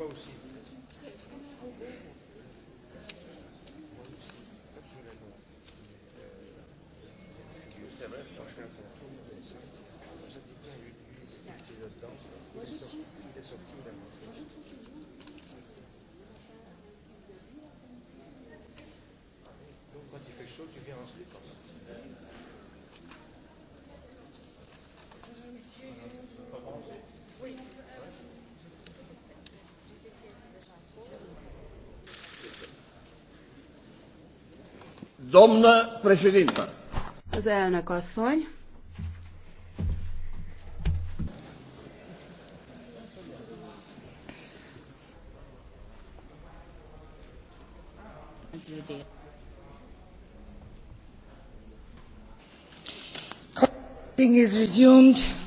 chose, tu viens ensuite. Domna președintă! Az elnök asszony. Meeting is resumed.